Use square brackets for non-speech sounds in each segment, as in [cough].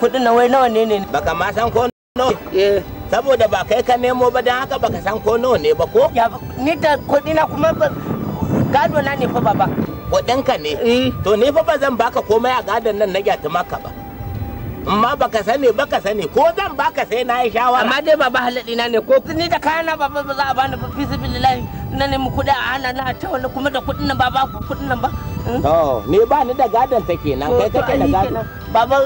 kudin na wai nawa ne ne baka ma san ko nawa eh. saboda ba kai ka nemo ba don haka baka san ko nawa ne ba ko ni da kuɗi na kuma gado na ne fa baba kudin ka ne eh. to ni fa ba zan baka komai a gadon nan na gyata maka ba amma baka sani baka sani ko zan baka sai na yi shawara amma dai baba halali na ne ko ni da kayana baba ba za a bani ba fi sibilillahi na nemi kuɗi a hana na ta wani kuma da kuɗin nan ba ba kuɗin nan ba hmm? ni ba ni da gadon ta kenan kai kake da gadon baba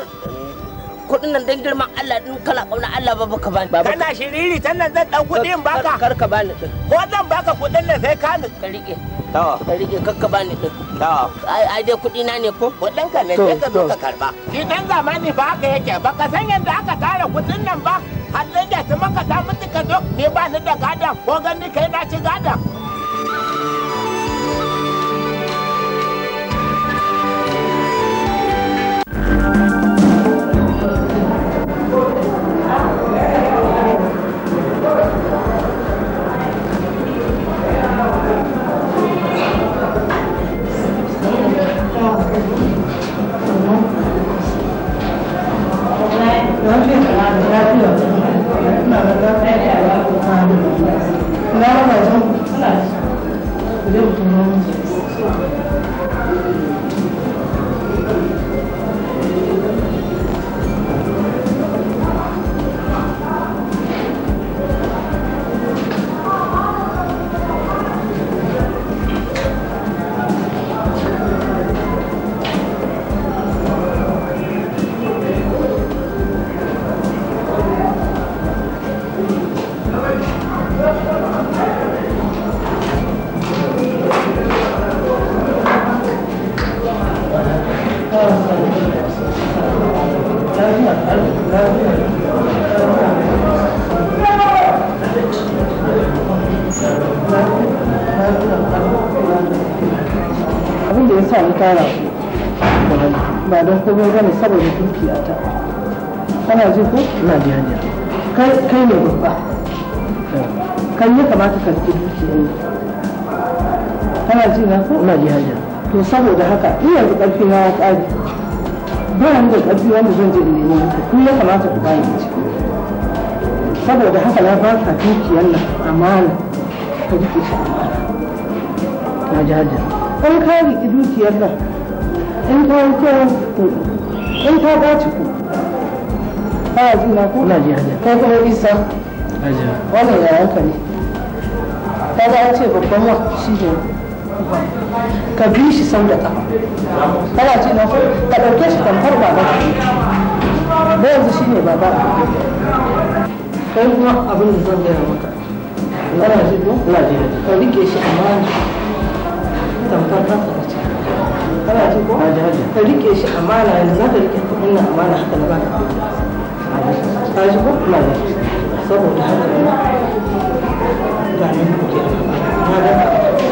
kudin nan dan girman Allah din kana kauna Allah ba baka bani kana shiriri tan nan zan dan kuɗin baka kar ka bani din ko zan baka kuɗin nan sai ka ni ka rike to ka rike kar ka bani din to ai dai kuɗi na ne ko kuɗin ka ne sai ka zo ka karba shi dan zamani ba haka yake ba ka san yanda aka tara kuɗin nan ba har da ta maka ta mutu ka zo me ba ni da gada ko gani kai na ci gada to saboda haka in yanzu ƙarfi na ya ƙare ba ni da ƙarfi wanda zan je in nemi haka ku ya kamata ku bayan ciki saboda haka na ba ka dukiyar nan amana ka rike shi amana na jaja in ka riƙi dukiyar nan in ka yi kyau ku in ka ba ku ba a ji na ku na jaja kai kuma isa wannan yayanka ne ka ga ce babban wa shi ne ka bi shi sau da kafa ce na ka ɗauke shi baba da yanzu shi ne baba kai kuma abin da zan gaya maka ka rike shi amma ta ka ce ko ka rike shi amana yanzu za ka rike amana haka na ba ka ko saboda haka ne ga nan kuke ba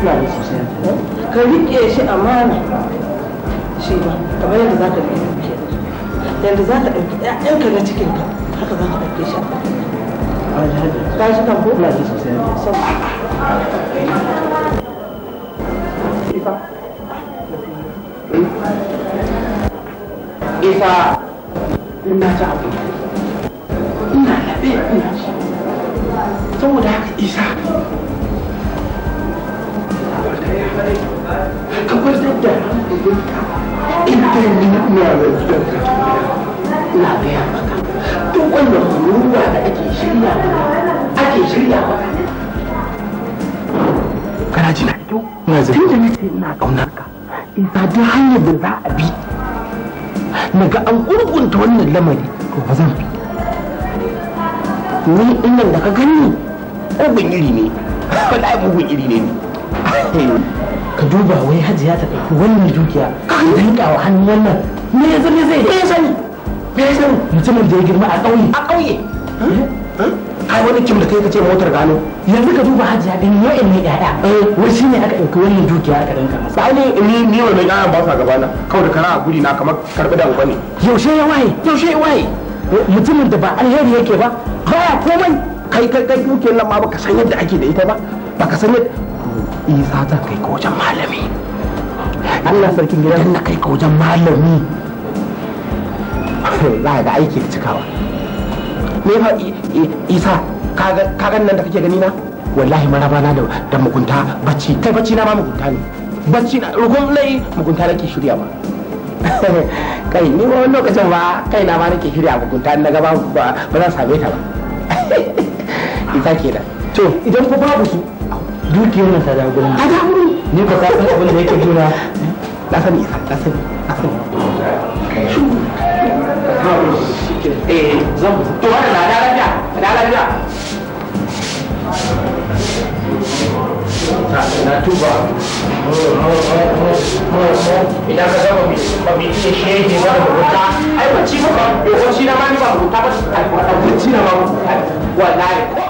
ina da shi ka rike shi amana shi ba kamar yadda za ka yadda za ka ɗauki na haka za ka shi a ka shi kan ko? da Ifa. Ina ta abu. Ina labe ina Saboda haka isa. gwajar da hankalinka inda ni ina rajiyar ka tambaya ina gaya maka duk kana ji na zai tunda nace ina kaunar ka ina hanyar da za a bi na ga an gurgunta wannan lamari to ba zan fi ni inda da ka gani mugun iri ne wallahi mugun iri ne ni ka duba wai hajiya ta ɗauki wannan dukiya da yanka wa hannun wannan me ya zama zai da ya sani me ya sani mutumin da ya girma a ƙauye a ƙauye eh? hmm? Hmm? ai wani kim da kai kace motar gano yanzu ka duba hajiya din yau eh. ne yaya wai shine aka ɗauki wannan dukiya aka danka masa ai ni ni wannan yayan ba sa na. kawai da kana a guri na kamar karbi da uba ne yaushe ya waye yaushe ya waye eh, mutumin da ba alheri yake ba a komai kai kai kai dukiyar nan ma baka san yadda ake da ita ba baka san yadda isa zan kai ka wajen malami Allah sarkin gidan na kai ka wajen malami [laughs] za ga aiki da cikawa me fa isa ka gan nan da kake gani na wallahi maraba na da mugunta bacci kai bacci na ba mugunta ne bacci na rukun lai mugunta nake shirya ma [laughs] kai ni ma wani lokacin ba kai na ma nake shirya mugunta na gaba ba zan same ta ba [laughs] isa kenan to idan ku babu su dukiyar nan ta dawo gurin a da gurin ni ba ka san abin da yake juna na sani na sani na sani eh zan to wannan na da lafiya na lafiya na tuba idan ka zama kwamiti da shi yake wani rubuta ai bacci ba ba bacci na ma ni ba rubuta ba ta kwata bacci na ma wallahi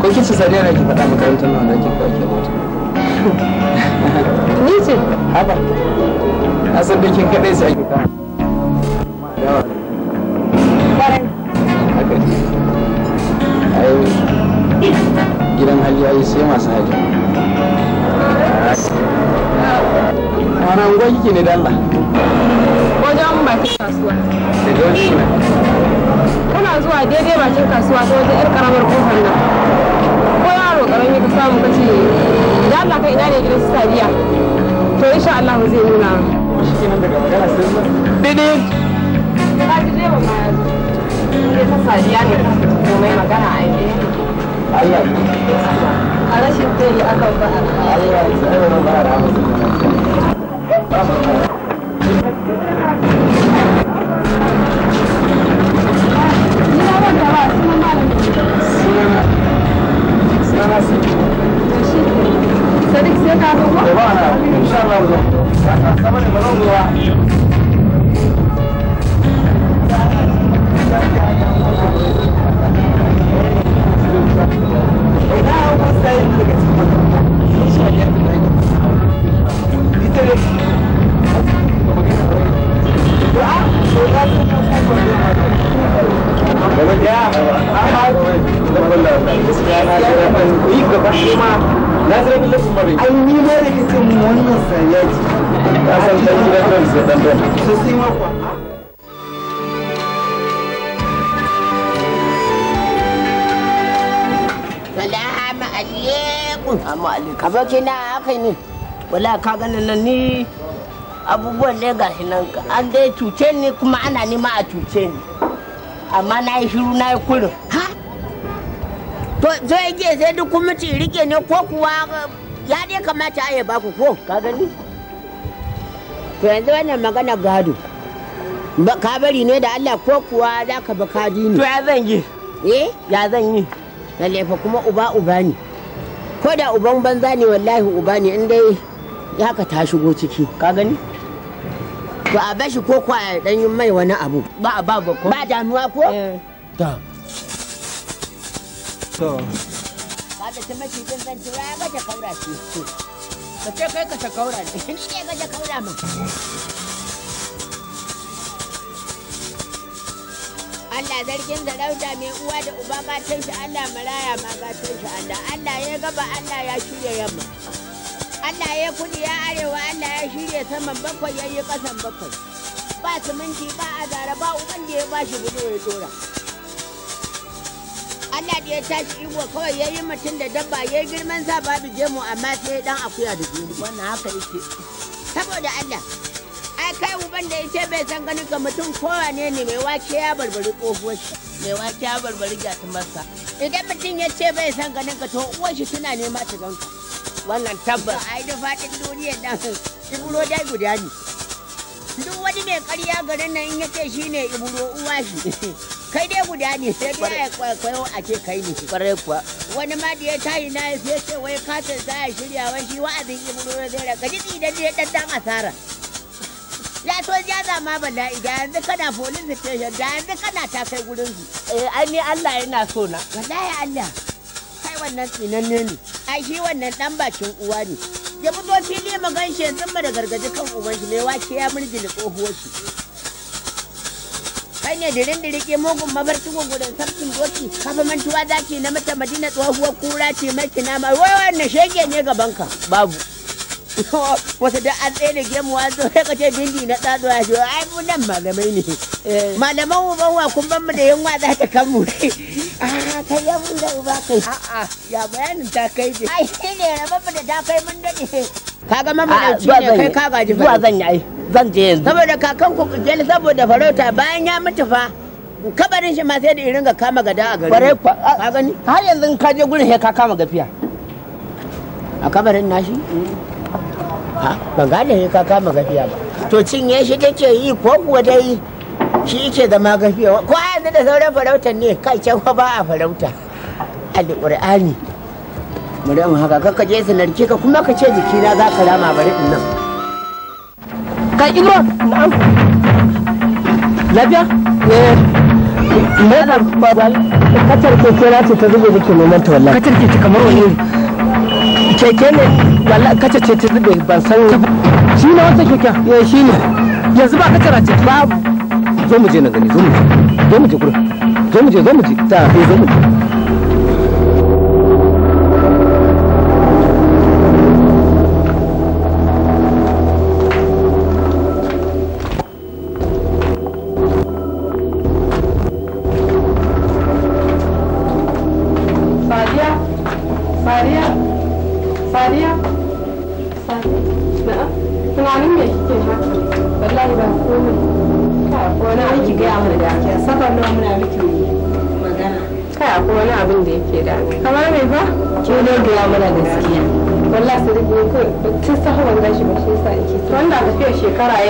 ko kin ce sadiya na ki faɗa makarantar nan da kin kwake mota ni ce haba na san bikin kaɗai sai ake kama gidan hali ya yi sai masu hali wani anguwa kike ne da Allah wajen bakin kasuwa da gaushe Kuna zuwa daidai bakin kasuwa ta wajen 'yar karamar kofar nan taron ya ka samu ka ce da Allah ka ina ne gidan su sariya to insha Allah zai nuna shi kenan daga magana sai ba dede ka ji dai ba ma ne magana a yi Allah a rashin tsaye aka ba Allah ya صدق سيادة على الله؟ طبعا إن شاء الله كمان المنوم واحد Thank you. ai ni ne da kake mu wannan san Salamu alaikum. Amma alaikum. Abokina haka ne. Wala ka ganin nan ni abubuwan ga gashi nan ka, an dai cuce ni kuma ana nima a cuce ni amma na yi shiru na yi kurin ha to so ke sai duk kuma ci rike ne ko kuwa ya dai kamata a ba ku ko ka gani to yanzu wannan magana gado ka bari ne da Allah ko kuwa za ka bi kaji ne to ya zan yi eh ya zan yi Na lefa kuma uba uba ne ko da uban banza ne wallahi uba ne in dai ya ka ta shigo ciki ka gani to a bashi ko kwa ya dan yi mai wani abu ba a babu ba ko ba damuwa ko eh. ta so ba da ta mace din zan jira ba ta kaura ce ka ce kai ka ta kaura [laughs] ne ni ke ta kaura mun Allah zargin da rauta mai uwa da uba gatan shi Allah maraya ma gatan shi Allah Allah ya gaba Allah ya shirya yamma Allah ya kudi ya arewa Allah ya shirya saman bakwai ya yi ƙasan bakwai ba siminti ba a zara ba uban da ya ba shi gudu ya dora Allah da ya tashi igwa kawai ya yi mutum da dabba ya yi girman sa babu jemu amma sai dan akuya da jini wannan haka yake saboda Allah ai kai uban da yace bai san ganin ka mutum kowa ne ne mai wace ya barbari kofuwar shi mai wace ya barbari gatumarsa idan mutum ya ce bai san ganin ka to uwar shi tana nema ta ganka wannan tabbas yi da fatin duniya nan iburo dai guda ne duk wani mai karya garin nan in ya ce shi ne iburo uwa shi [laughs] kai dai guda ne sai dai ya kwaikwayo a ce kai ne kwarai kuwa wani ma da ya tayi na ya sai ce wai katin za a shirya wai shi wa'azin iburo zai raka jiki idan ya dan dan asara ya to ya zama bala'i da yanzu kana police station da yanzu kana ta kai gurin su eh ai ni Allah yana so na wallahi Allah wannan tsinanne ne ai shi wannan dan bakin uwa ne ya fito fili mu ma sun yanzu da gargaji kan uban shi mai wake ya da tsohuwar shi kai ne dirin dirike mugun mabarcin gugudan sabkin doki kafa mantuwa zaki na mata madina tsohuwar kura ce mai kinama wai wannan shege ne gaban ka babu [laughs] wasu da an tsere gemu an zo sai kace dindi na tsado ya shi ai mu nan malamai ne eh. malaman ban wa kun ban mu da yunwa za ta kan mu a [laughs] ta ah, ya da uba kai a'a ya bayanin ta kai dai ai ne na, mu da ta kai mun dade kaga ci ne kai ka gaji ba zan yi ai zan je yanzu saboda kakan ku jeli saboda farauta bayan ya mutu fa kabarin shi ma sai da irin ga kama gada a gari bare ka gani har yanzu ka je gurin sai ka kama gafiya a kabarin nashi ban gane ka kama gafiya ba to cinye shi take yi ko kuwa dai shi yake zama gafiya ko a yanzu da sauran farautar ne kai can ba a farauta alƙur'ani Maryam haka kaka je sanarki ka kuma ka ce na za ka rama bari in nan ka ibro na'am lafiya eh da babal katar keke na ce ta zuba nake mai manta wallahi katar keke kamar wani keke ne wala kace ce ta zube ban san shi ne wata keken ya eh, shi ne yanzu ba kace race babu zo mu je na gani zo mu je zo mu je zo mu je zo mu je ta eh, zo mu je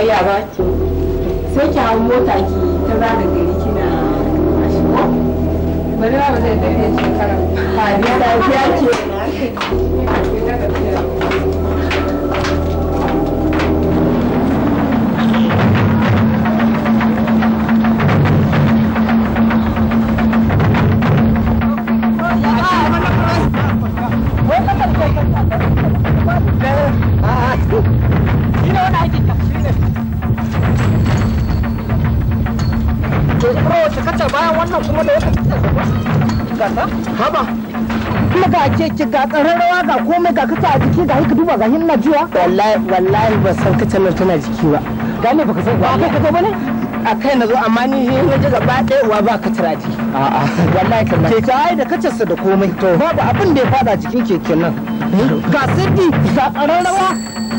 soyayya ba ce sai ki hau mota ki ta za da gari kina mashi bari ba zai dare shekara da ya ce to kuma wace ke bayan wannan kuma ga keke ga komai ga kasa a jiki ga haka duba ga hinna jiwa wallahi wallahi ba san kacar nan tana jiki ba Gane ne baka san ba kai kaje bane a kai na zo amma ni hin waje gaba ɗaya uwa ba kacar a jiki a'a wallahi Ke ka ai da kacarsa da komai to babu abin da ya fada jikin keken nan hmm? ga sirri ga tsaron rawa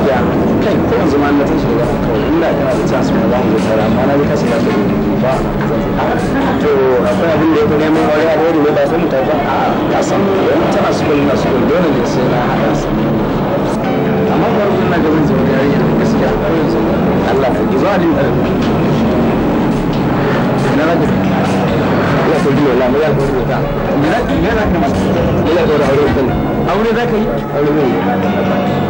gaskiya kai ko yanzu ma na tashi daga kawai inda kana da chance mai zamu tsara amma na bi yi ba to akwai abin da ya fi neman aure a wani ne ba sai mutum ba tana na dole ne sai na haɗa su amma ba na gaban gaskiya yanzu Allah ka gizo da na rage ya ko ya ko ne na kama ya ko aure yi aure ne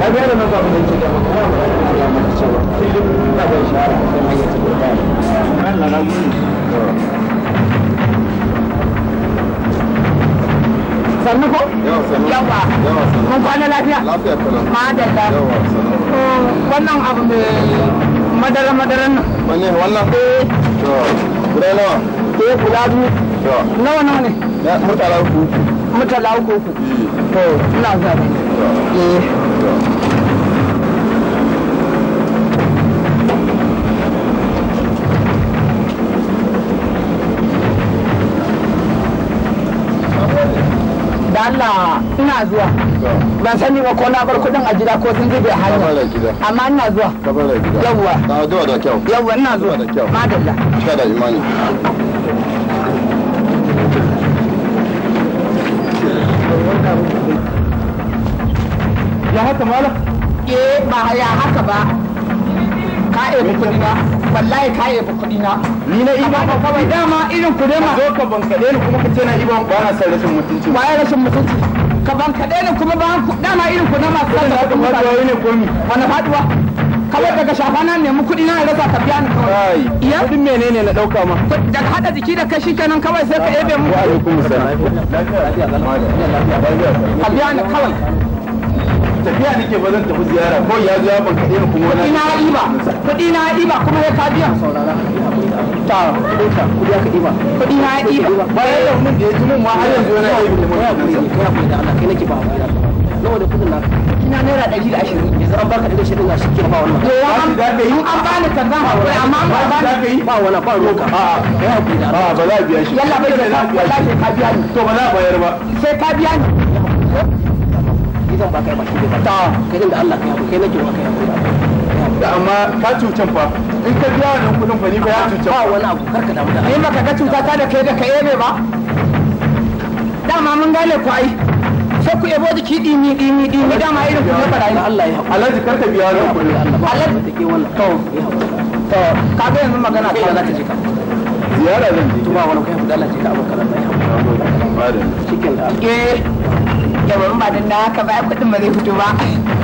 ka ga nan ba mun ce da ba kuma ba ya mun ce ba kullum ina da shahara sai mai sannu yawa mun kwana lafiya? lafiya kwana madalla wannan abu mai madara madaran nan wanne wannan? eh guda nawa? eh guda biyu nawa nawa ne? mutala uku mutala uku eh. ina zaɓe eh Allah ina zuwa ban sani ba ko na bar kudin a gida ko sun zube hanya amma ina zuwa yawwa na zuwa da kyau yawwa ina zuwa da kyau madalla cika da imani ya haka mala eh ba ya haka ba Ka'e ebi kudi wallahi ka'e ebi kudi ni na iba ka kawai dama irin ku dai ma zo ka bankade ni kuma ka ce na iba ba na san rashin mutunci ba ya rashin mutunci ka bankade ni kuma ba ku dama irin ku na ma san da kuma ba ne ko mi faduwa kawai daga shafana ne mu kuɗi na rasa ka biya ni kawai iya kuɗin menene na ɗauka ma daga haɗa jiki da kashi kenan kawai sai ka ebe mu wa alaikum ka biya ni kawai tafiya nake ba zan tafi ziyara ko ya zo ya banka ɗaya kuma wani ina ɗiba kuɗi na ɗiba kuma ya ka ta kuɗi ka kuɗi ya ka ɗiba kuɗi na ɗiba bayan da mun je ya mun ma har yanzu yana yi da mun ya kuɗi ne ya kuɗi da Allah kai nake ba nawa da kuɗin naka kina naira ɗari da ashirin yanzu an baka ɗari shirin shi ke ba wannan to an an bani kan ba hakuri amma an ba bani ba wala ba roka a a kai hakuri da a ba za a biya shi yalla bai da ka biya ni to ba za a bayar ba sai ka biya ni shi zan baka ya baki da ta kai da Allah kai kai da amma ka cutan fa in ka biya wannan kudin fa ni ba ya cutan ba wani abu karka damu da ni maka cuta ta da kai da kai ne ba dama mun gane ku ai sai ku yabo jiki dimi dimi dimi dama irin ku barayi Allah ya karka biya wannan kudin Allah wannan to yanzu magana ta za ta ka ziyara zan je to kai ka abokan Allah ya cikin da eh yawa ba dan da haka ba kudin ba zai fito ba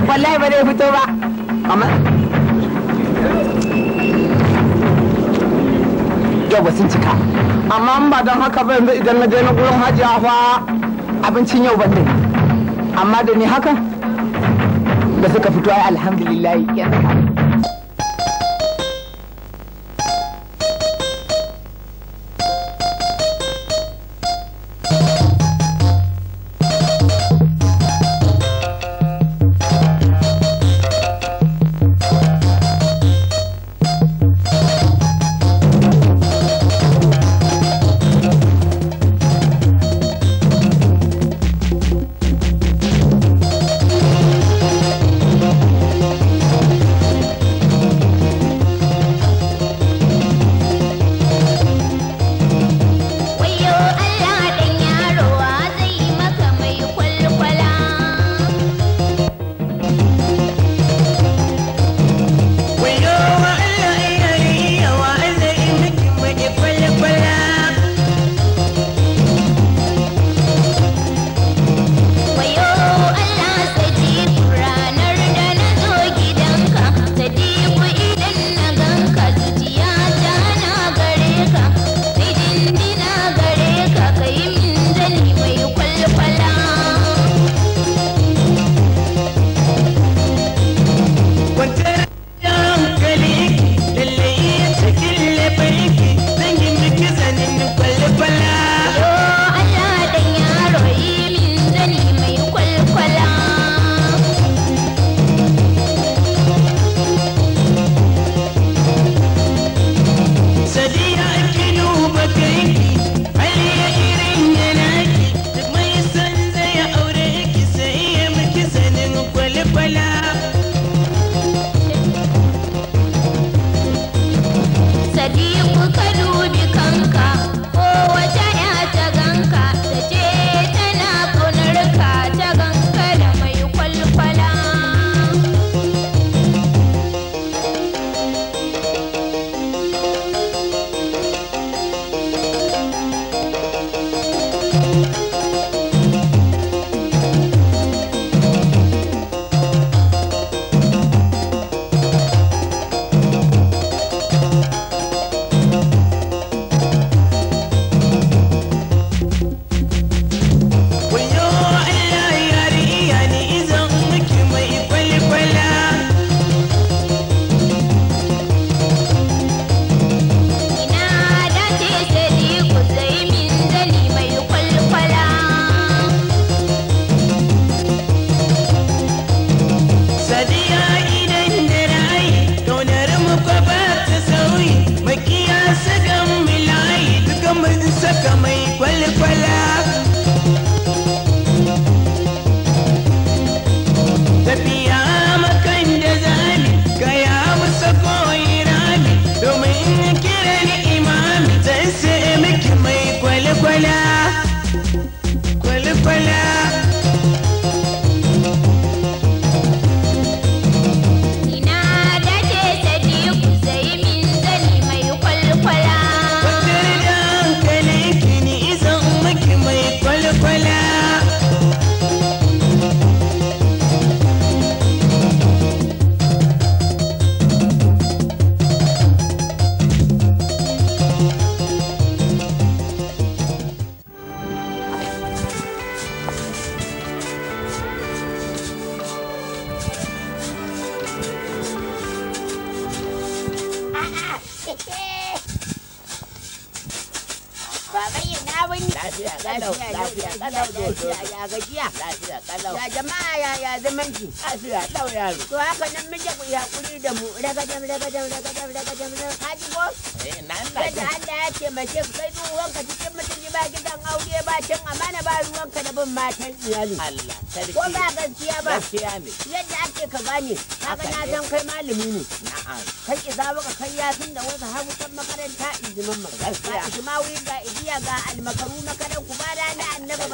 wallahi ba zai fito ba amma yawa sun cika amma ba don haka ba yanzu idan na je na gurin hajiya fa abincin yau ban da amma da ni haka da suka fito ai alhamdulillah yanzu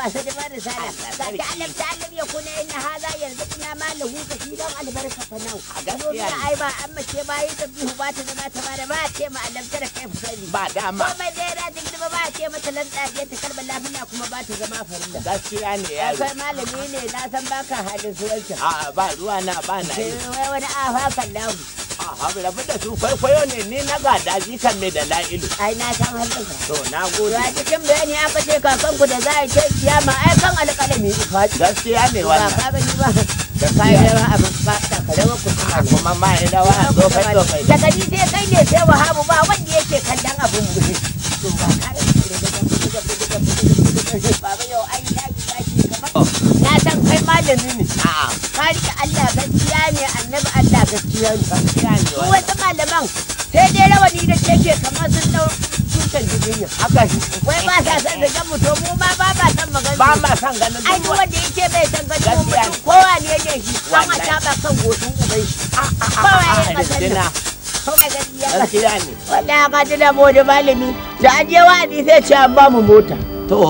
asa da bari sana sake alif ta ya kuna yin haza yanzu ina ma na shi don albarka ta nau a gaskiya ai ba an mace ba yi tabi ba ta zama ta bada ba ce ma a ta da kai fusari ba dama ko mai zaira da gidi ba ce mata lanta ke ta karba lafiya kuma ba ta zama farilla gaskiya ne ya kai malami ne na san baka halin suwancin a ba ruwa na ba na yi wani afa kallon abu rabu da su kwaikwayo ne ni na gada kan mai da la'ilu ai na san halin to na gode to a cikin bayani aka ce ku da za a ce ma ai kan alƙalami gaskiya ne wannan ba ba ni ba da kayan rawa abin ba ta karewa ku kuma kuma ma ina wa dokai dokai daga ni sai kai ne sai wahabu ba wanda yake kallon abin mu [laughs] to ba kare Baba yau ai yaki yaki kamar san kai malami ne a'a ka rike Allah gaskiya ne annabi Allah gaskiya ne gaskiya ne wata malaman sai dai rawani da keke kamar sun dau tutan jibriya haka shi wai ba sa san da gamu to mu ma ba ba san magana ba ma san ganin ai duk wanda yake bai san ganin mu mutum kowa ne yake shi an a taba kan goshin ubai shi ah, ah, ah, kowa ya masana kowa gaskiya ne wallahi ka ji da mu da malami da an je wa'adi sai ce an ba mu mota to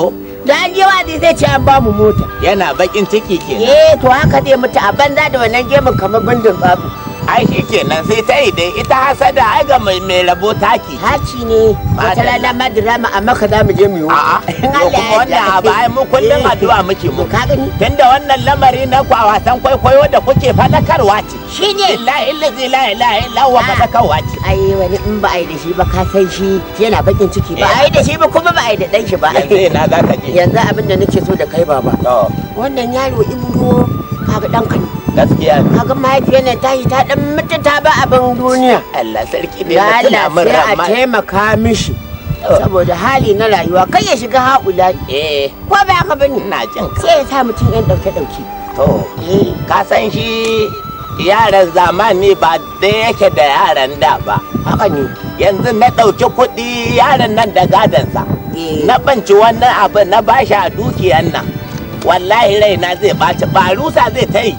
da an je wazi zai ci an bamu mota yana bakin ciki kenan eh to haka dai mutu a banza da wannan gemun kamar bindin babu ai shi kenan sai ta yi dai ita hasada ai ga mai mai rabo taki haci ne wata lalla madrama amma ka za mu je mu yi a'a ko kuma wannan abu ai mu kullum eh. addu'a muke mu ka gani tunda wannan lamari na ku a wasan kwaikwayo da kuke fadakarwa ce shine illahi illazi la ilaha illa huwa ah. fadakarwa ce ai wani in ba ai da shi ba ka san shi yana bakin ciki ba ai da shi ba kuma ba ai da dan shi ba yanzu ina za ka je yanzu abin da nake so da kai baba wannan yaro ibro ga dan kan gaskiya ne haka mahaifiyar nan tashi ta dan mutu ta ba abin duniya Allah sarki ne Allah sai a taimaka mishi oh. saboda hali na rayuwa kai ya shiga haƙula. eh ko ba ka bani. na jin sai ya sa mutum yan dauke dauke to ka san shi yaran zamani ba da yake da yaran da ba haka ne yanzu na dauki kuɗi yaran nan da gadansa eh. na banci wannan abin na bashi a dukiyan nan wallahi raina zai ɓaci ba rusa zai ta yi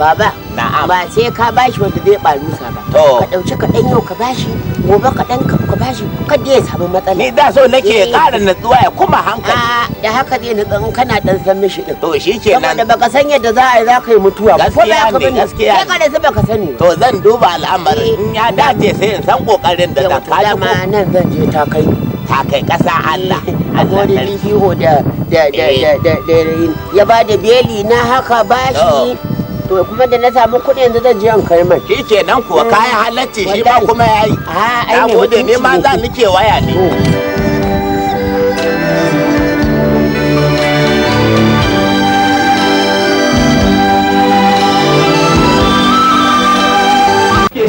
Baba, ba sai ka bashi wanda zai barusa ba. Ka ɗauki kaɗan yau ka bashi, gobe dan ka bashi, da ya samu matsala. Ni da so nake kara natsuwa ya kuma hankali. Da haka zai nutsa in kana dan san mishi din To shi ke nan. Saboda baka san yadda za a yi za ka yi mutuwa. Gaskiya ne, gaskiya ne. Kai sai baka sani. To zan duba al'amarin in ya dace sai in san ƙoƙarin da zan kaji. Dama nan zan je ta kai. Ta kai ƙasa Allah. A gode lihiho da da da da da ya ba da beli na haka bashi. to kuma da na samu kuɗi yanzu zan jiyan in kai mai shi nan kuwa kayan halacci shi ba kuma ya a gode ne ma za ke waya ne hmm.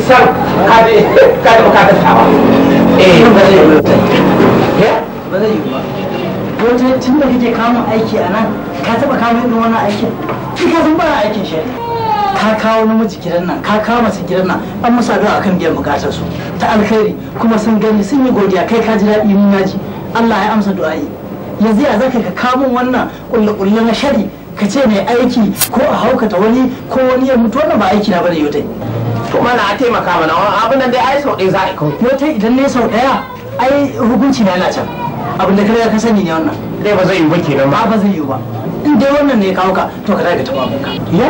san ka da bukata eh. eh? ba zai yi ba zai tun da kake kamun aiki a nan ka taba kamun irin wannan aikin ka san ba aikin shi ka kawo namiji gidan nan ka kawo mace gidan nan an musa a akan biyan bukatar su ta alkhairi kuma sun gani sun yi godiya kai ka ji daɗi mun naji Allah ya amsa du'a'i yanzu ya zaka ka kawo min wannan kullu kullu na shari ka ce mai aiki ko a haukata wani ko wani ya mutu wannan ba aiki na bane yau dai to mana a taimaka mana abin nan dai ai sau ɗaya za a kawo yau idan ne sau ɗaya ai hukunci na yana can abin da kare ka sani ne wannan dai ba zai yi ba kenan ba ba zai yi ba in dai wannan ne ya kawo ka to ka daga taɓa ka ya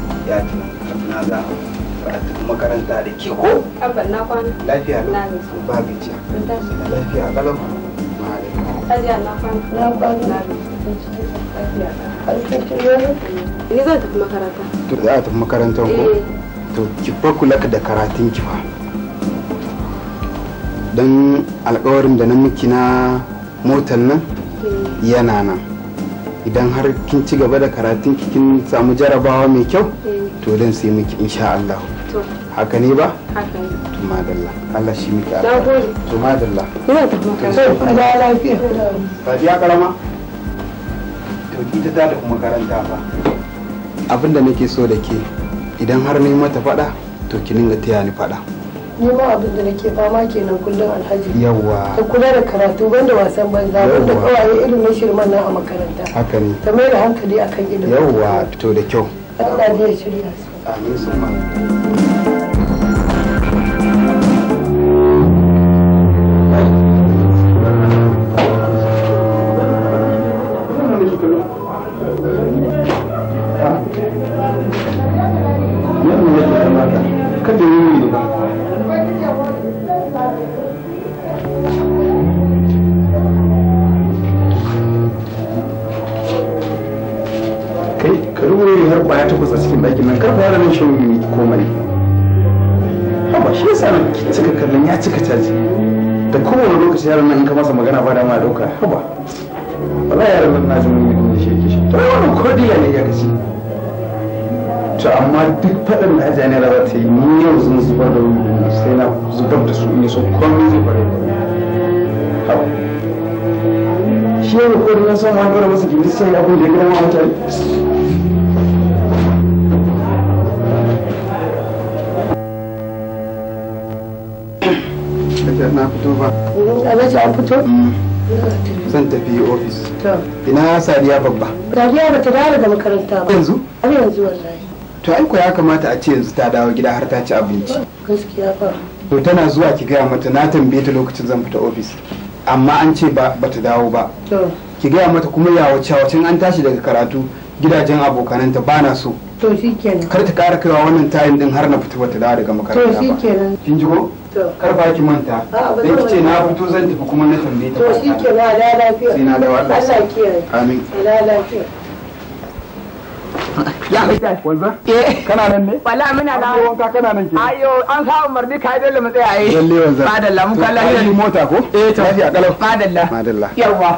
za ta nan za a tafi makaranta da ke ko? Abba na kwana. Lafiya lau. Ba gajiya. Lafiya kalau. Ajiya na kwana. Na kwana. Ni zan tafi makaranta. To za a tafi makarantar ko? Eh. To ki fa kula da karatun ki fa. Dan alƙawarin da na miki na motar nan eh. yana nan. idan har kin ci gaba da karatun kin samu jarabawa mai kyau eh. to dan sai miki insha Allah haka ne ba haka ne to madalla Allah shi miki Allah to madalla ina ta makaranta da lafiya lafiya karama to ki ta da kuma karanta ba abinda nake so da ke idan har ne mata fada to ki dinga taya ni fada ni ma abin da nake fama kenan kullum alhaji yawa ta kula da karatu banda wasan banza banda kawaye irin na shirman nan a makaranta haka ne ta mai da hankali akan ilimi yawa to da kyau Allah ya shirya su amin su musu yaran nan in ka masa magana ba da ma dauka haba wala yaran nan na ji mun yi shi ke shi to wannan kodiya ne ya kace to amma duk faɗin da ajiya ne da ta yi ni yau zan zubar da wannan sai na zubar da su ne so komai zai fara haba shi ne na san wani gara masa gindi sai abin da ya gama mutane da na fito ba alhaji an fito zan tafi ofis ina sadiya babba sadiya ba ta dawo daga makaranta ba yanzu har yanzu wallahi to ai ya kamata a ce yanzu ta dawo gida har ta ci abinci gaskiya ba to tana zuwa ki gaya mata na tambaye ta lokacin zan fita ofis amma an ce ba ta dawo ba ki gaya mata kuma ya wace wacin an tashi daga karatu gidajen abokananta ba na so to shikenan kar ta kara kaiwa wannan tayin din har na fita bata dawo daga makaranta ba to shikenan kin ji ko kar ba ki manta dan kice na fito zan tafi kuma na tambaye ta to shi ke ba da lafiya sai na da wata Allah kiyaye amin da lafiya Ya mai dai. Eh. Kana nan ne? Wala muna da. Ko wanka kana nan ke? Ayo an sa umarni kai dole mu tsaya eh. Lalle Ba Madalla mun kallon yi mota ko? Eh to. Lafiya Ba Madalla. Madalla. Yawa.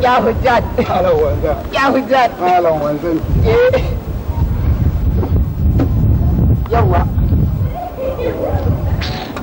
Ya hujjat. ala wanzan Ya hujjat. ala wanzan Eh. Yawa.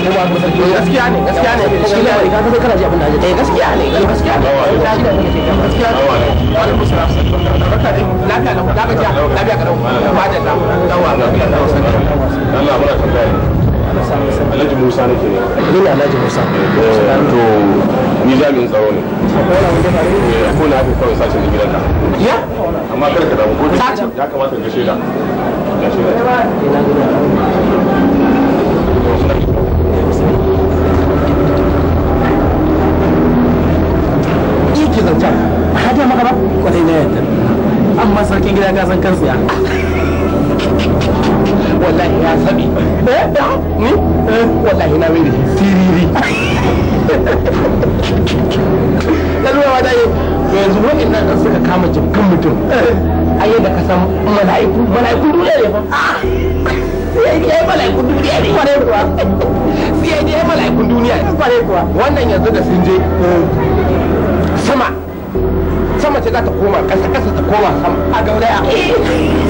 ko ba kusa ne gaskiya ne gaskiya ne shi ne ka ga kana eh, ne ne da Alhaji Musa nake ne. Ni ne Alhaji Musa. Eh, ni jami'in tsaro ne. Ko na haka kawai sace ne gidanka. Ya? Amma kada ka damu ko ya kamata ka shaida. Ga shaida. saki zancen a hadiya maka ba kwarai na yadda amma sarkin gida ka san kansu ya wallahi ya sabi eh ni hmm? eh, wallahi na wuri siriri [laughs] yanzu ba da yanzu wa'annan da suka kama jikin mutum eh. a yadda ka san mala'iku mala'iku duniya ne fa sai ah! mala'ikun duniya ne kwarai kuwa siya sai mala'ikun duniya ne kwarai kuwa wannan yanzu da sun je eh, sama sama ce za ta koma ƙasa ƙasa ta koma sama a gauraya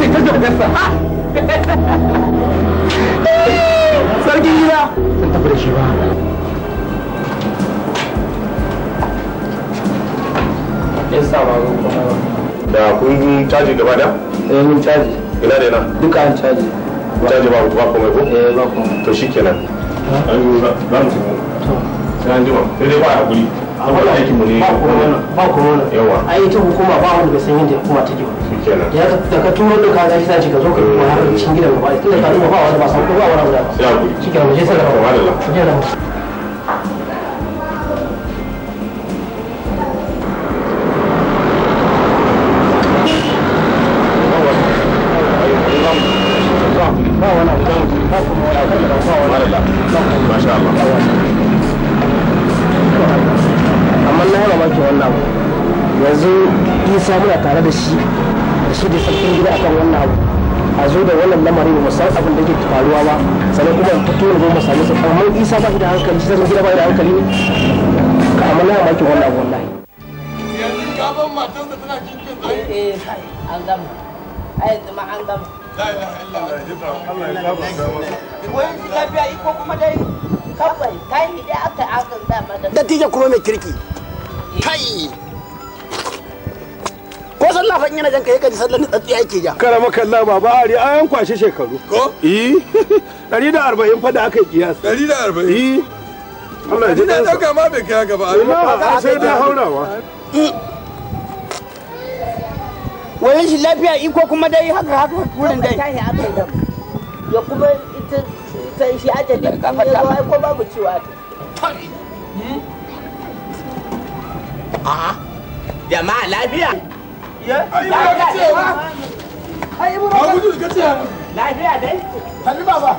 sai ta zo dogarsa sarki gida sun tafi da shi ba da kun yi caji gaba da? eh mun caji ina da yana? duka an caji caji ba ba komai ko? eh ba kuma to shi kenan an yi wuza ba ci mu sai an jima sai dai ba a hakuri saboda aikin mu ne ba corona ba a yawa ai hukuma ba wanda bai san yadda hukuma take ba da ka turo da ka gashi sai ka zo ka kuma eh. har cikin gidan ba ita ka duba ba wanda ba san ko ba wanda ba sai ku shikenan mu sai da ba da Allah hankali zama gida da hankali ne ka amma na maki wannan wallahi yanzu gaban matarsa tana kinkin tsaye eh kai an gama ai zama an gama Dattijo kuma mai kirki. Eh. Kai! Ko sallah fa yana jan yake ji sallar da tsatsiya yake ja. Karama kalla baba Ari an kwashe shekaru. Ko? Eh. [laughs] ɗari da arba'in fa da aka yi kiyas ɗari da arba'in eh. Allah ji na ɗauka ma bai kai gaba eh, a sai da haurawa wayan shi lafiya iko kuma dai haka haka wurin dai ya kuma ita sai shi ajalin kafa ta ai ko babu ciwa ta a jama'a lafiya ya ayi ba ka ce ba ayi ba ka ce lafiya dai halli baba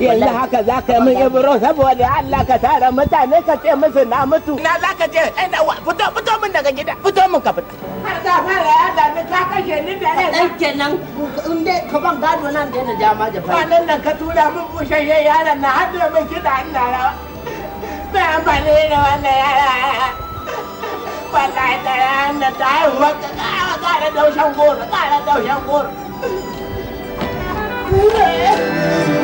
yanzu haka za ka yi min ibro saboda Allah ka tara mutane ka ce musu na mutu na za ka ce eh, fito min daga gida fito min ka fito. har ta fara ya dami ka ni da rai dan kenan in dai ka ban na jama da fara nan da min ina rawa ba da wannan yara da da ta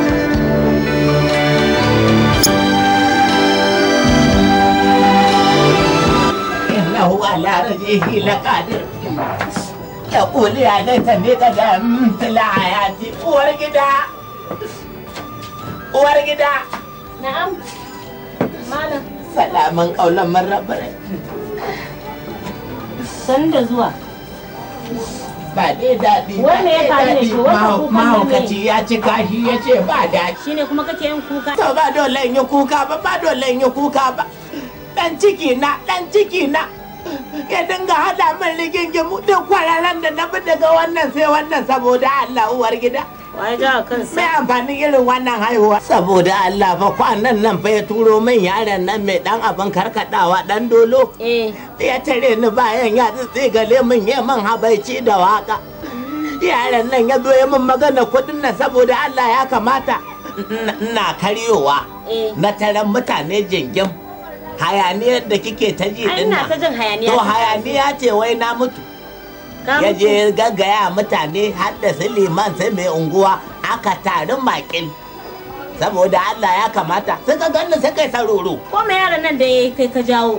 إنه على رجعه لقادر يقول يا ليتني قدمت لحياتي ورقدا ورقدا نعم مالا سلاما قولا من ربنا سند زوا ba dai daɗi wanda ya faru ne to mahaukaci ya ci kashi ya ce ba daɗi shine kuma kake yin kuka to ba dole in yi kuka ba ba dole in yi kuka ba dan ciki na dan ciki na ya dinga haɗa min mu duk kwararren da na fi daga wannan sai wannan saboda Allah uwar gida. Mai amfanin irin wannan haihuwa. Saboda Allah fa kwanan nan fa ya turo min yaran nan mai dan abin karkadawa dan dolo. Eh. Ya tare ni bayan ya gale min ya man habaici da waka. yaran nan ya zo ya min magana kudin nan saboda Allah ya kamata. Eh. Na karyowa. Na taron mutane jingim. hayaniyar da kike ta ji din nan to hayaniya ce wai na mutu ya je gaggaya mutane haddasa liman sai mai unguwa aka tarin makin. saboda Allah ya kamata sai ka sai kai saroro ko me yaran nan da yayi kai ka jawo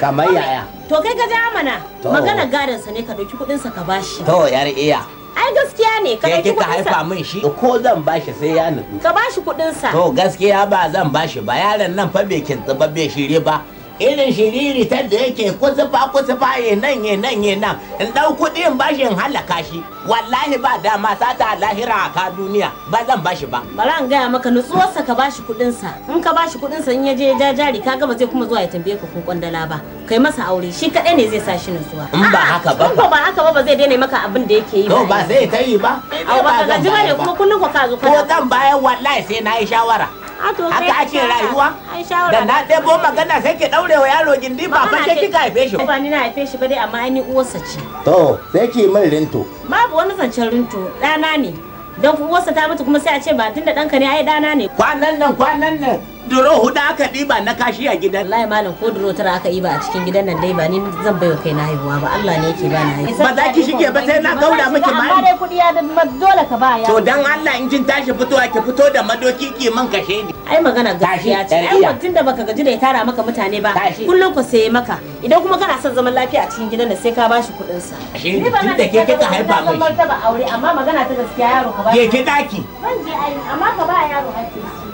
kamar yaya to kai ka jawo mana magana sa ne ka dauki kudin sa ka bashi to yar iya ai gaskiya ne ka ɗauki kuɗin haifa min shi ko zan bashi sai ya nutsu ka bashi kuɗin sa to gaskiya ba zan bashi ba yaron nan fa bai kintsi ba bai shirye ba irin ta da yake kusufa-kusufa ya nan ya nan ya nan in ɗau kuɗin bashin halaka shi wallahi ba dama sata lahira a ka duniya ba zan bashi ba. bara in gaya maka nutsuwarsa ka bashi kuɗinsa in ka bashi kuɗinsa in ya je ya jari ka gaba zai kuma zuwa ya tambaye ka kun kwandala ba kai masa aure shi kaɗai ne zai sa shi nutsuwa. in ba haka ba ba. ba haka ba ba zai daina maka abin da yake yi ba. ba zai ta yi ba. a ba ka gaji ba ne kuma kullum ka zo ka. ko zan bayan wallahi sai na yi shawara. haka ake rayuwa da na ɗebo magana sai ke ɗaure wa yaro gindi ba fa sai kika haife shi ba ni na haife shi ba dai amma ni uwarsa ce to sai ki min rinto babu wani zancen rinto ɗana ne don uwarsa ta mutu kuma sai a ce ba tunda ɗanka ne ai ɗana ne kwanan nan kwanan nan duro hudu aka ɗiba na kashi a gidan. Wallahi malam ko duro tara aka ɗiba a cikin gidan nan dai ba ni zan baiwa kai na haihuwa ba Allah ne yake ba na haihuwa. Ba za ki shige ba sai na gauda miki mali. Amma dai kuɗi ya dole ka ba ya. To dan Allah in kin tashi fitowa ki fito da madoki ki man kashe ni. Ai magana gaskiya ce. Ai mutum da baka gaji da ya tara maka mutane ba. Kullum ku sai maka. Idan kuma kana son zaman lafiya a cikin gidan da sai ka bashi kuɗin sa. Ni ba na da ke kika haifa mai. aure amma magana ta gaskiya yaro ka ba. Ke ki daki. Ban je ai amma ka ba yaro hakki.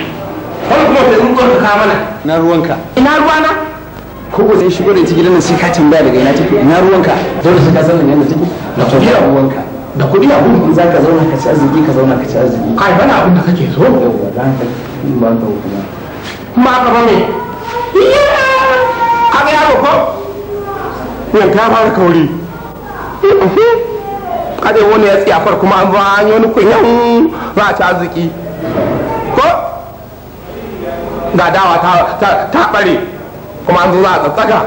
ruwan ka mana na ruwanka ina ruwana ko ko sai shigo da cikin nan sai ka tambaya daga ina take ina ruwanka dole sai ka san nan yanda take da kuɗi a ruwanka da kuɗi a kuɗi za ka zauna ka ci arziki ka zauna ka ci arziki kai bana abin da kake so yawa da hankali ba ka kuma kuma ka ba me ka ga yaro ko ne ka fara kauri kada wani ya tsiyafar kuma an ba an yi wani kunyan za a ci arziki ga dawa ta bare kuma an zo za a tsatsaka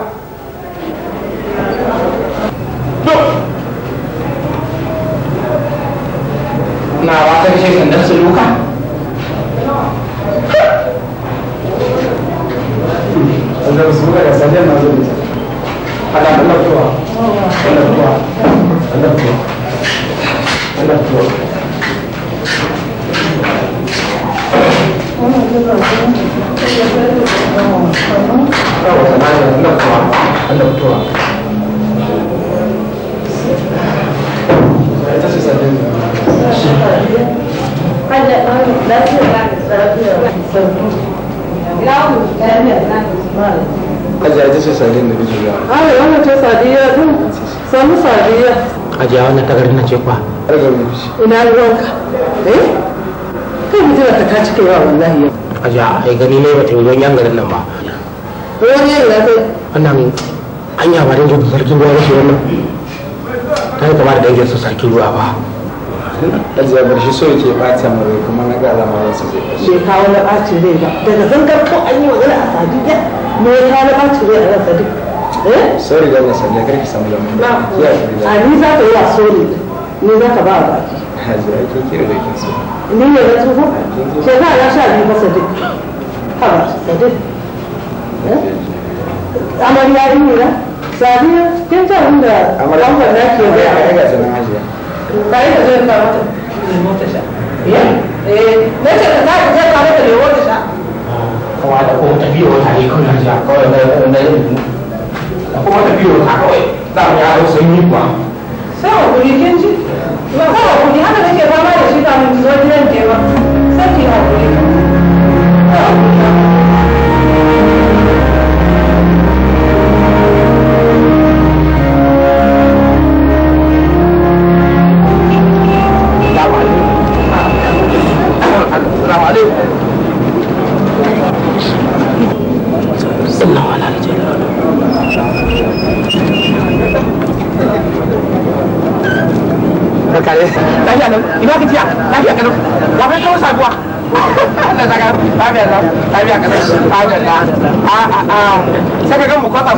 na wata ce sandan su luka su luka da na ala kuwa kuwa kuwa kuwa ajiya wannan takardar na ce kwa ina ruwanka eh kai mutum ka ta cika yawa wallahi yau a ja ai eh, gani ne bata yi yan garin nan ba wani yin da kai an yi abarin jirgin sarkin ruwa rashin wannan ta yi kama da dangin su sarkin ruwa ba ajiya bar shi so yake ɓata mai kuma na ga alamarin su zai shi kawo na ɓacin rai ba daga zangar ko an yi magana a sadiya me ya kawo na ɓacin rai a nan sadiya eh sorry kar ki samu lamarin ba a ni za ka yi a sorry ni za ka ba ba ni ne na tsoho shekara sha biyu ba sadiq ka ba sadiq amarya yarinya na sabiya kin ta wanda lambar na ke gaya ba ya ba ya ga zai fara mata sha eh na ce da za ka je fara da lewo ta sha kuma da kuma tafiya wata ne kawai na jiya da kuma tafiya wata kawai za mu ya sun yi kuwa sai wa kuri kin wa kuri haka nake fama da shi kafin ki zo gidan ke ba sai wa kuri Assalamu da kare lafiya nan ina ka tiya lafiya kana wa kai kawo sabuwa Allah ta a a a sai ka ga mu kwata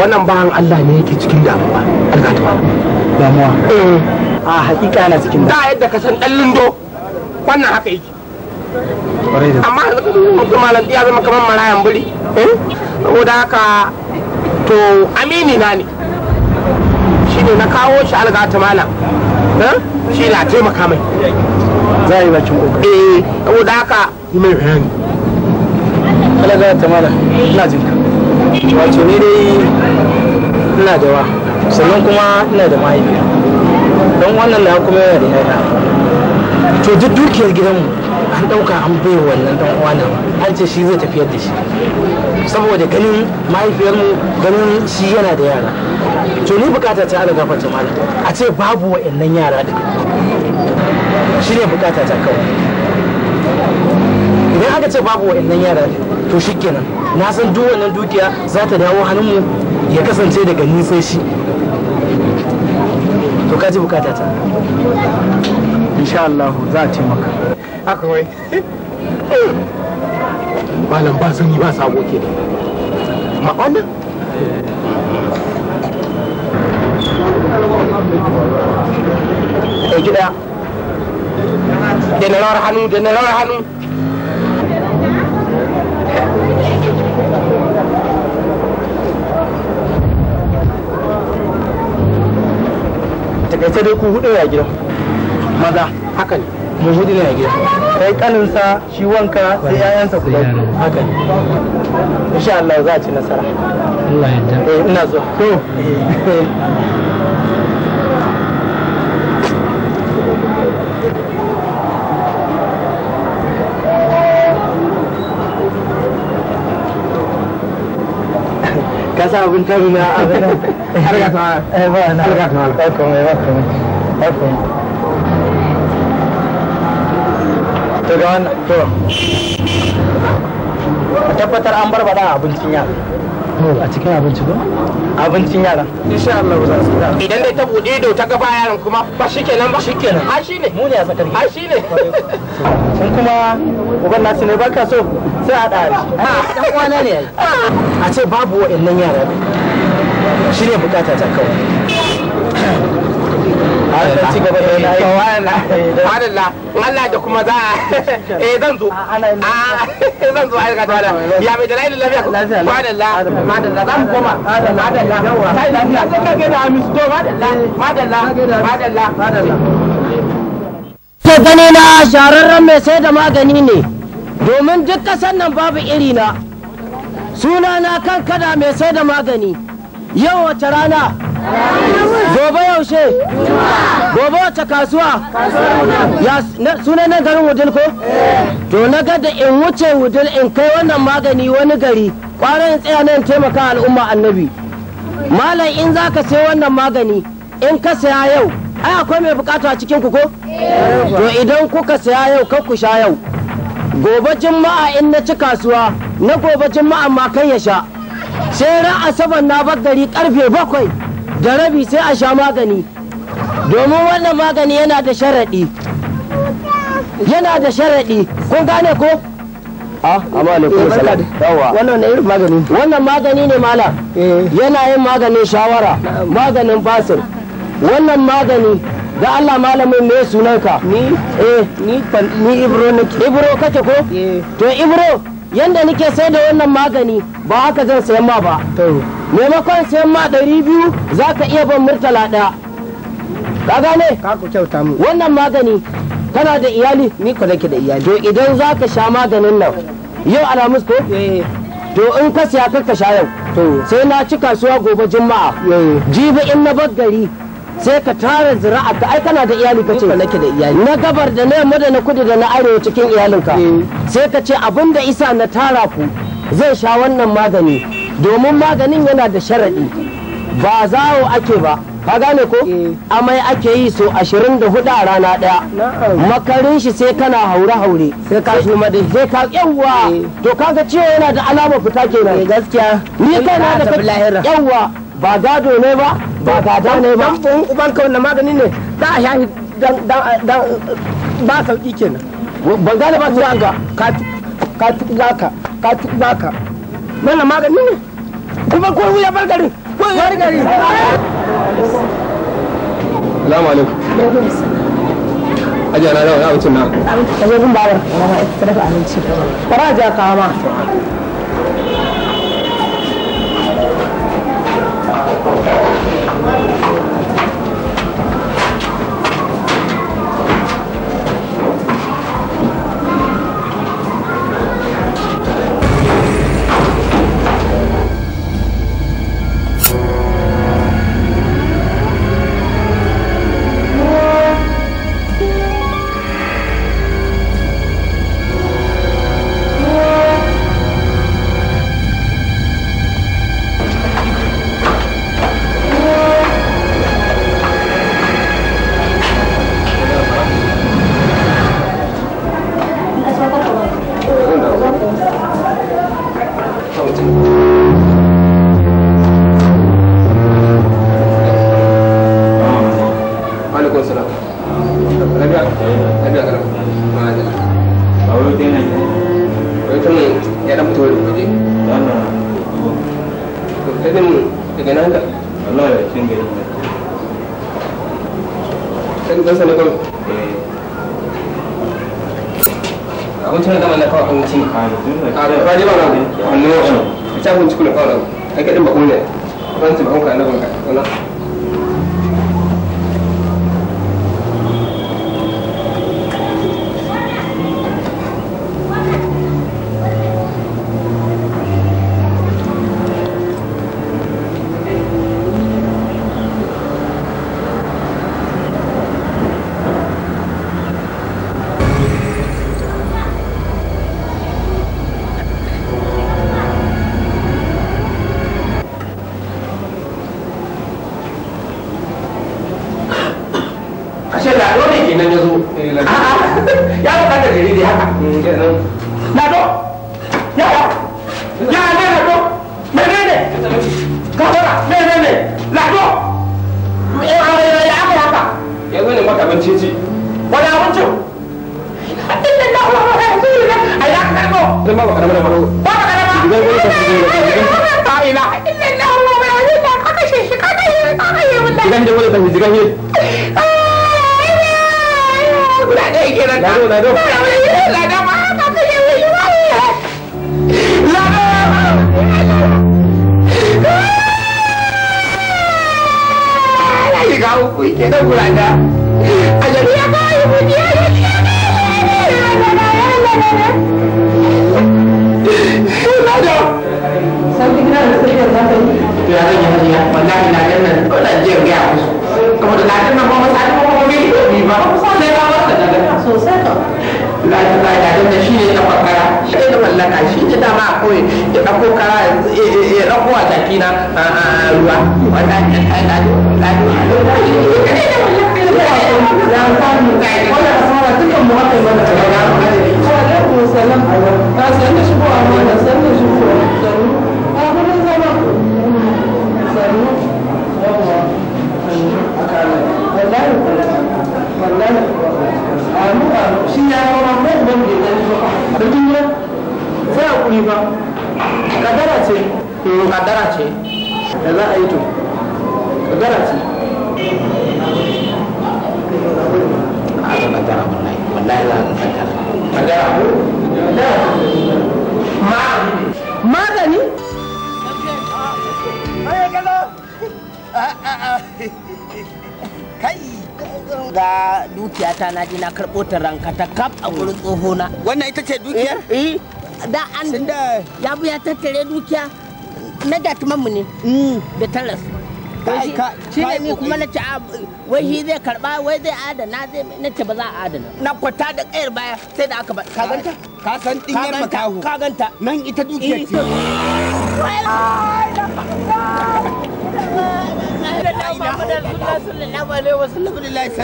wannan bahan Allah ne yake cikin damuwa damuwa eh a hakika yana cikin da yadda ka san dan lindo wannan haka yake amma yanzu kuma malam ya zama kamar marayan buri Eh? saboda haka to amini na ne shi ne na kawo shi alga ta malam eh? shi na taimaka mai za a yi bakin kokari eh saboda haka yi mai bayani alga ta malam ina jin ka wato ni dai ina da wa sannan kuma ina da mahaifiya don wannan na kuma yana da yaya to duk dukiyar gidanmu an ɗauka an bai wannan dan uwa an ce shi zai tafiyar da shi saboda ganin mahaifiyarmu ganin shi yana da yara to ni bukata ta ala gafarta malam a ce babu wa'annan yara da shi ne bukata ta kawai idan aka ce babu wa'annan yara to shi kenan na san duk wannan dukiya za ta dawo hannunmu ya kasance daga nisan shi to ka ji bukata ta insha Allah za a taimaka akwai [laughs] malam ba sani ba sa sabo da ma wannan ɗaya da na rawar hannu da na rawar hannu takaice dai ku hudu ya gida maza haka ne mu hudu ne ya gida sai kaninsa shi wanka sai yayansa guda haka ne insha Allah za ci nasara Allah ya eh ina zuwa to [laughs] ka sa abin [laughs] eh, na ga ta ga ta ga ta daga wannan to a tabbatar an barbada abincin yara a cikin abinci ba abincin yara insha Allah za su idan dai ta bude ido ta gaba yaran kuma ba shikenan ba shikenan ai shine mu ne a tsakar ai shine kun kuma uban nasu ne baka so sai a dare dan uwana ne a ce babu wa'annan yara shine bukata ta kawai a a [laughs] eh zan zo mai sai da na shararren mai sai magani ne domin duk kasan babu iri na suna na kan kada mai sai da magani yau wata rana gobe yaushe gobe wacce kasuwa sunan nan garin wudil ko to na ga da in wuce wudil in kai wannan magani wani gari kwanan tsaya nan taimaka al'umma annabi malam in za ka sai wannan magani in ka saya yau ai akwai mai bukata a cikin ku ko to idan kuka saya yau kar ku sha yau gobe jima'a in na ci kasuwa na gobe jima'a ma kan ya sha sai ran asabar na bar gari karfe bakwai da rabi sai a sha magani domin wannan magani yana da sharaɗi yana da sharaɗi kun gane ko a ah, amma ne kuma eh, wannan magani ne mala eh. yana yin maganin shawara maganin basir wannan magani da Allah malamin ne sunanka ni eh ni ibro kake ibro ko eh. to ibro yanda nake sai da wannan magani ba haka zan sayan ma ba maimakon sayan ma ɗari biyu za ka iya ban murtala ɗaya ka gane wannan magani kana da iyali ni ku nake da iyali to idan za ka sha maganin nan yau alhamis ko eh. to in ka siya ka sha yau sai na ci kasuwa gobe juma'a eh. jibi in na bar gari sai ka tara zira'a ta ai kana da iyali kace ka nake da iyali na gabar da na da na kudu da na arewa cikin iyalinka eh. sai ka ce abin da isa na tara ku zai sha wannan magani domin maganin yana da sharaɗi ba zawo ake ba ka gane ko eh. amai ake yi so 24 a rana daya makarin shi sai kana haure haure sai ka shi madai sai ka yawa eh. to kaga ciwo yana da alama fita kenan gaskiya ni kai na da yawa ba gado ne ba ba da ne ba uban ka wannan magani ne za a shahi dan dan ba sauki kenan ban gane ba ga ka ka ba ka zaka wannan magani ne kuma ko ya bar garin ko ya bar garin salamu alaikum ajiya na rawa na abincin na abincin ba da abinci ja kama ba kadara ce to eh, kadara ce da za a yi to kadara ce magani kai ga dukiyata na ji na karɓo ta ranka ta kaf a wurin tsohona wannan ita ce dukiyar? eh, eh. da an ya bu tattare dukiya na datumanmu ne da talas shi ne ni kuma na ce wai shi zai karba wai zai adana zai na ce ba za a adana na kwata da kayar baya sai da aka ka ganta ka san dinyar makaho ka ganta nan ita dukiyar ce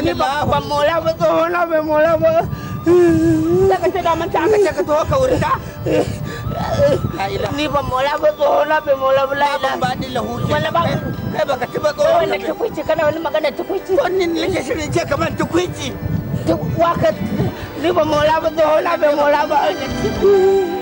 Ni ba ban mola ba tsohon na bai mola ba. Daga ce daman ta aka ce ka toho ka wurin ta? Ni ba mola ba tsoho na mola ba la ila. Ba ni lahu Wala ba. Kai ba ci ba tsoho. Kai wannan kana wani magana tukuici. Wannan nake shirin ce kamar tukuici. Waka ni ba mola ba tsoho na mola ba.